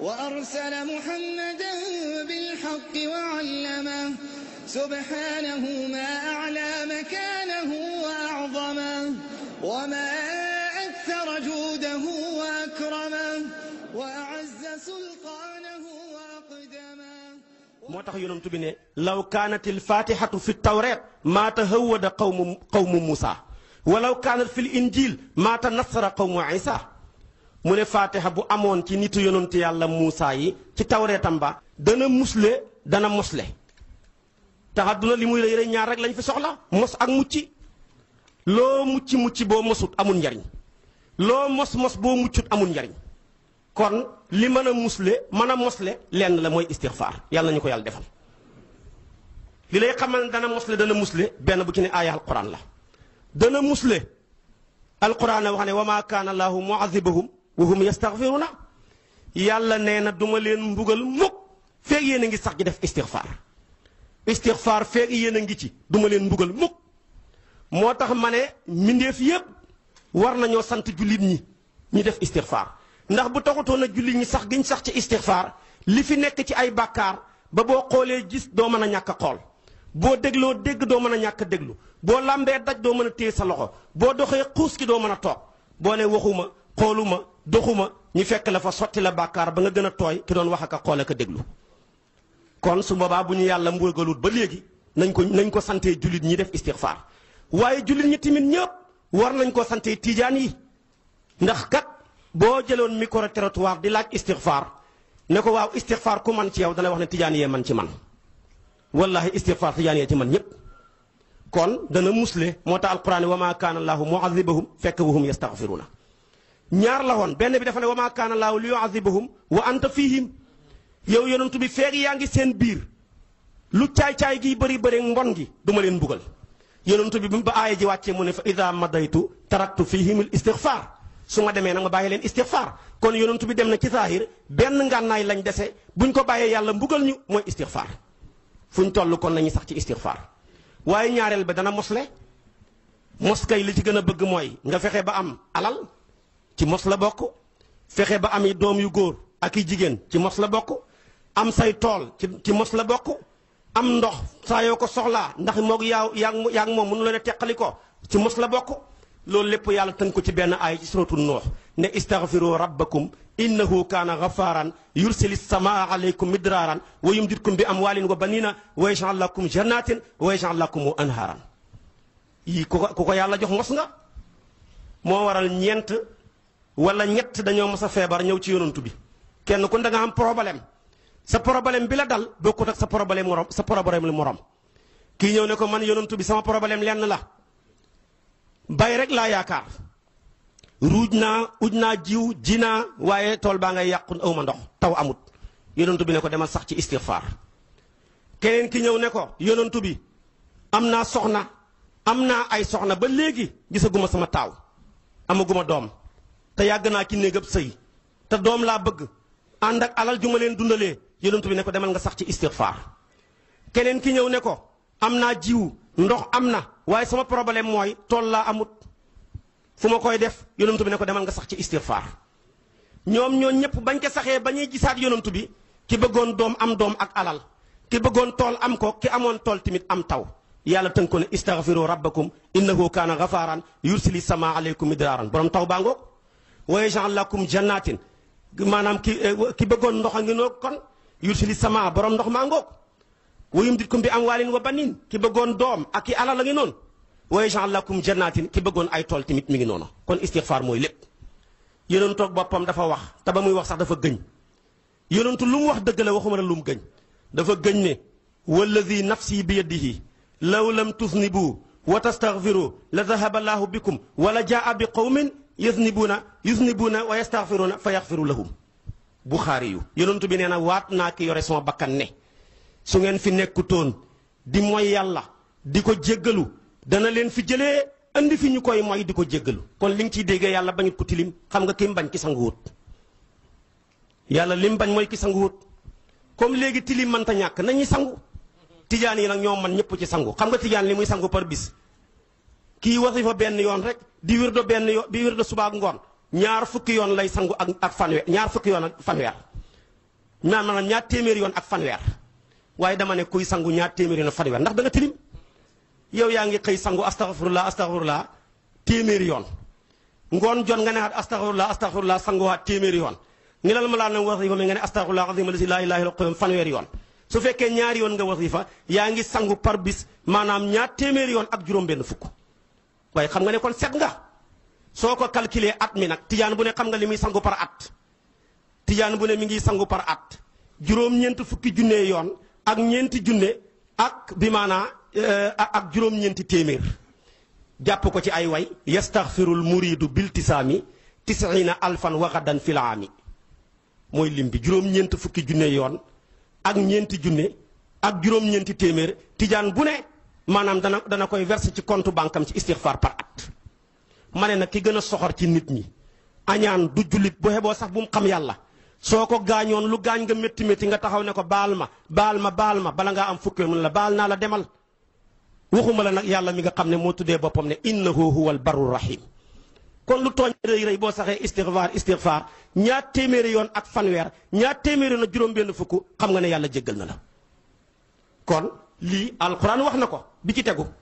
وأرسل محمدا بالحق وعلمه سبحانه ما أعلى مكانه وأعظمه وما أكثر جوده وأكرمه وأعز سلطانه وأقدمه موتاخ يونس لو كانت الفاتحة في التوراة ما تهود قوم قوم موسى ولو كانت في الإنجيل ما تنصر قوم عيسى mu ne faatiha bu amoon ci nitu yonent yàlla Muusaa yi ci tawreetam ba dana musle dana mosle tax li muy rëy ñaar rek lañ fi soxla mos ak mucci loo mucci mucci boo mosut amul njariñ loo mos mos boo muccut amul njariñ kon li mën a musle mën a mosle lenn la mooy istixfaar yàlla nañu ko yàlla defal li lay xamal ne dana mosle dana musle benn bu ci ne aaya alquran la dana musle alquran a wax ne wa maa kaana allahu muazibahum wa hum na yàlla nee na duma leen mbugal mukk fee yéen a ngi sax gi def istixfaar istixfaar feeg yéen a ngi ci duma leen mbugal mukk moo tax ma ne mbindeef yépp war nañoo sant jullit ñi ñu def istixfaar ndax bu taxutoon na jullit ñi sax giñ sax ci istixfaar li fi nekk ci ay bàkkaar ba boo xoolee gis doo mën a ñàkk xool boo dégloo dégg doo mën a ñàkk déglu boo làmbee daj doo mën a téye sa loxo boo doxee xuus ki doo mën a toog boo ne waxuma doxuma ñu fekk la fa sotti la bàkkaar ba nga gën a tooy ki doon wax ak a xool ak a déglu kon su boobaa bu ñu yàlla mbugalut ba léegi nañ ko nañ ko sante jullit ñi def istixfaar waaye jullit ñi tamit ñëpp war nañ ko sante tiijaan yi ndax kat boo jëloon micro trottoir di laaj istixfaar ne ko waaw istixfaar ku man ci yow dana wax ne tijaan yee man ci man wallahi istixfaar tijaan yee ci man ñëpp kon dana musle moo tax alquran wa ma kaana allahu muazibahum fekk wahum yastaxfiruuna ñaar la woon benn bi dafa ne wa maa kaana laahu li yuazibahum wa anta fihim yow yonentu bi feeg yaa ngi seen biir lu caay-caay gi bëri bëri mbon gi duma leen mbugal yonentu bi ba aaya ji wàccee mu ne fa ida madaytu taraktu fihim l istixfar su ma demee nag ma bàyyi leen istixfar kon yonentu bi dem na ci saahir benn ngànnaay lañ dese buñ ko bàyyee yàlla mbugal ñu mooy istixfar fuñ toll kon nañu sax ci istixfar waaye ñaareel ba dana mosle kay li ci gën a bëgg mooy nga fexe ba am alal ci mos la bokk fexe ba am doom yu góor ak yi jigen ci mos la bokk am say tol ci ci mos la bokk am ndox sa yo ko soxla ndax moog yaa yaa moom mënu leen a teqali ko ci mos la bokk lol lépp yàlla tënk ko ci ben ay ci suratu nuh ne istaghfiru rabbakum innahu kaana ghafaran as-samaa'a alaykum midraran wa yumdidkum bi amwalin wa banina wa yaj'al lakum jannatin wa yaj'al lakum anharan yi ko ko yàlla jox mos nga mo waral ñent wala ñett dañoo mësa a feebar ñëw ci yonantu bi kenn ku da nga am problème sa problème bi la dal bokkut ak sa problème morom sa problème li morom ki ñëw ne ko man bi sama problème lenn la bay rek la yaakaar ruuj ujna jiw jina naa waaye tool ngay yàqu ndox taw amut yonantu bi ne ko demal sax ci istighfar keneen ki ñëw ne ko yonantu bi am naa soxna am naa ay soxna ba léegi gisaguma sama taaw amaguma doom te yag na ki néegab sey te dom la bëgg and ak alal jumalendundale len dundale dundalee bi ne ko demal nga sax ci istighfar kenen ki ñew ne ko amna jiwu ndox amna waye sama problem moy tol la amut fuma koy def yonent bi ne ko demal nga sax ci istighfar ñom ñoo ñëpp bañ ko saxé bañi gisat bi ki bëggoon dom am dom ak alal ki bëggoon tol am ko ki amon tol timit am taw yalla tan ko ne istaghfiru rabbakum innahu kana ghafaran yursili sama alaykum midraran borom taw baa ويجعل لكم جنات maanaam ki ki bëggoon ndox a ngi noog kon yursili sama borom ndox maa ngoog wa yumditkum bi amwaalin wa banin ki bëggoon doom ak ki alal a ngi noonu wa yaj'al lakum jannatin ki bëggoon ay tool tamit mi ngi noonu kon istixfaar mooy lépp yonent toog boppam dafa wax te ba muy wax sax dafa gëñ yonentu lu mu wax dëgg la waxuma la lu mu gëñ dafa gëñ ne walladi nafsi bi yadihi law lam tusnibu wa tastaghfiru la dhahaba allahu bikum wala jaa bi qawmin yuznibuna yuznibuna wa yastaghfiruna fa yaghfiru lahum bukhari yu yonentu bi neena watna ki yore sama bakkan ne su ngeen fi nekkutoon di moy yalla di ko dana len fi jele andi fi ñukoy moy di jegalu kon li ci dege yalla bañ ko tilim xam nga kim bañ ki sanguut yalla lim bañ moy ki sanguut comme legi tilim ta ñak nañuy sangu tijani yi nag ñoo man ñepp ci sangu xam nga tijaan limuy sangu par bis kii wasifa ben yon rek di wirdo ben yoon di wirdo subaak ngon ñaar fukki yon lay sangu ak ak fanwer ñaar fukki yon ak fanwer ñaar maanaam ñaar témer yon ak fanwer waye dama ne kuy sangu ñaar témer yon ak ndax da nga tilim yow yaangi xey sangu astaghfirullah astaghfirullah témer yon ngon jon nga ne at astaghfirullah astaghfirullah sanguwaat téeméer yoon ngi lal ma laa nam wasifa mi nga ne astaghfirullah azim lasi laa ilaha illa fanwer yon su fekke ñaar yon nga wasifa yaangi sangu par bis ñaar témer yon ak juroom ben fuk waaye xam nga ne kon set nga soo ko calculer at mi nag tijaan bu ne xam nga li muy sangu par at tijaan bu ne mi ngi sangu par at juróom-ñeent fukki yoon ak ñeenti junne ak bi eh, ak juróom téeméer jàpp ko ci ay way yastaxfirul muridu biltisaami tisina alfan waxadan fil aami mooy lim bi juróom-ñeent fukki junne yoon ak ñeenti junne ak juróom-ñeenti téeméer tijaan bu ne manam dana dana koy verser ci compte banque am ci istighfar par at ma ne nag ki gën a soxor ci nit ñi añaan du jullit bu heboo sax bu mu xam yàlla soo ko lu gaañ nga métti métti nga taxaw ne ko baal ma bala am fukkee mun la baal la demal waxuma la nag yàlla mi nga ne innahu huwal barru rahim kon lu tooñ rëy rëy boo saxee istighfar istighfar ñaar téeméeri yoon ak fanweer ñaar téeméeri xam nga ne yàlla jéggal na la kon lii alxuraan wax na ko bi ci tegu